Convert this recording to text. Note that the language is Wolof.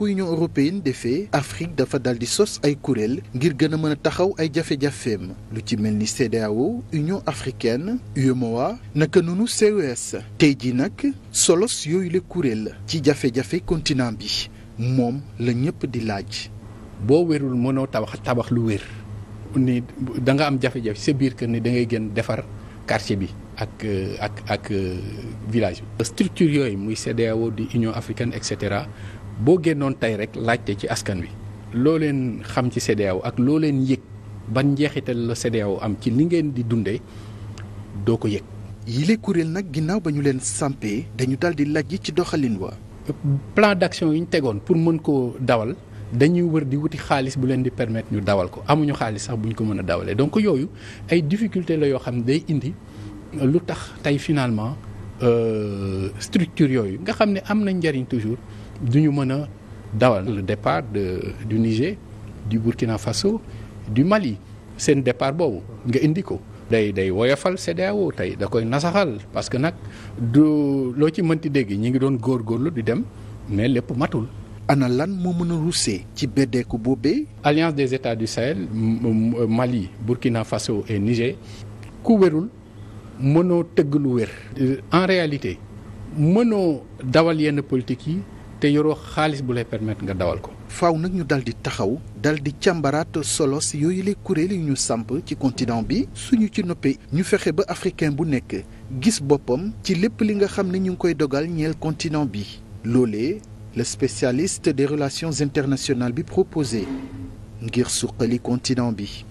ko union européenne defee Afrique dafa dal di sos ay kuréel ngir gën a mën a taxaw ay jafe-jafeem lu ci mel ni CEDEAO union africaine UEMOA naka noonu CES tey jii nag solos yooyu la kuréel ci jafe-jafe continent bi moom la ñëpp di laaj. boo wérul mënoo tabax tabax lu wér ni da nga am jafe-jafe sa biir kër ni da ngay gën defar quartier bi. ak ak ak euh, village bi. structure yooyu muy CEDEAO di Union africaine et cetera boo génnoon tey rek laajte ci askan wi loo leen xam ci CEDEAO ak loo leen yëg ban njeexital la CEDEAO am ci li ngeen di dundee doo ko yëg. yile kuréel nag ginnaaw ba ñu leen sampee dañu daal di laaj ci doxalin wa. plan d'action yi ñu tegoon pour mën koo dawal dañuy wër di wuti xaalis bu leen di permettre ñu dawal ko amuñu xaalis sax bu ñu ko mën a dawalee donc yooyu ay difficulté la yoo xam ne day indi lu tax tey finalement euh, structure yooyu nga xam ne am na njariñ toujours. du ñu mën a dawal le départ de du Niger du Burkina Faso du Mali seen départ boobu nga indi ko. day day woyofal CEDEAO tey da koy nasaxal parce que nag du loo ci mënti dégg ñi ngi doon góor góorlu di dem mais lépp matul. ana lan moo mën a ruusee ci beddeeku boobee. alliance des états du Sahel Mali Burkina Faso et Niger ku wérul mënoo tëgg lu wér. Euh, en réalité mënoo dawal yenn politique yi. te yoroo xaalis bu lay permettre nga dawal ko. faw nag ñu dal di taxaw dal di càmbaraat solos yooyu la kuréel yu ñu samp ci continent bi suñu ci noppee ñu fexe ba africain bu nekk gis boppam ci lépp li nga xam ne ñu ngi koy dogal ñeel continent bi loolee le spécialiste des relations internationales bi proposé ngir suqali continent bi.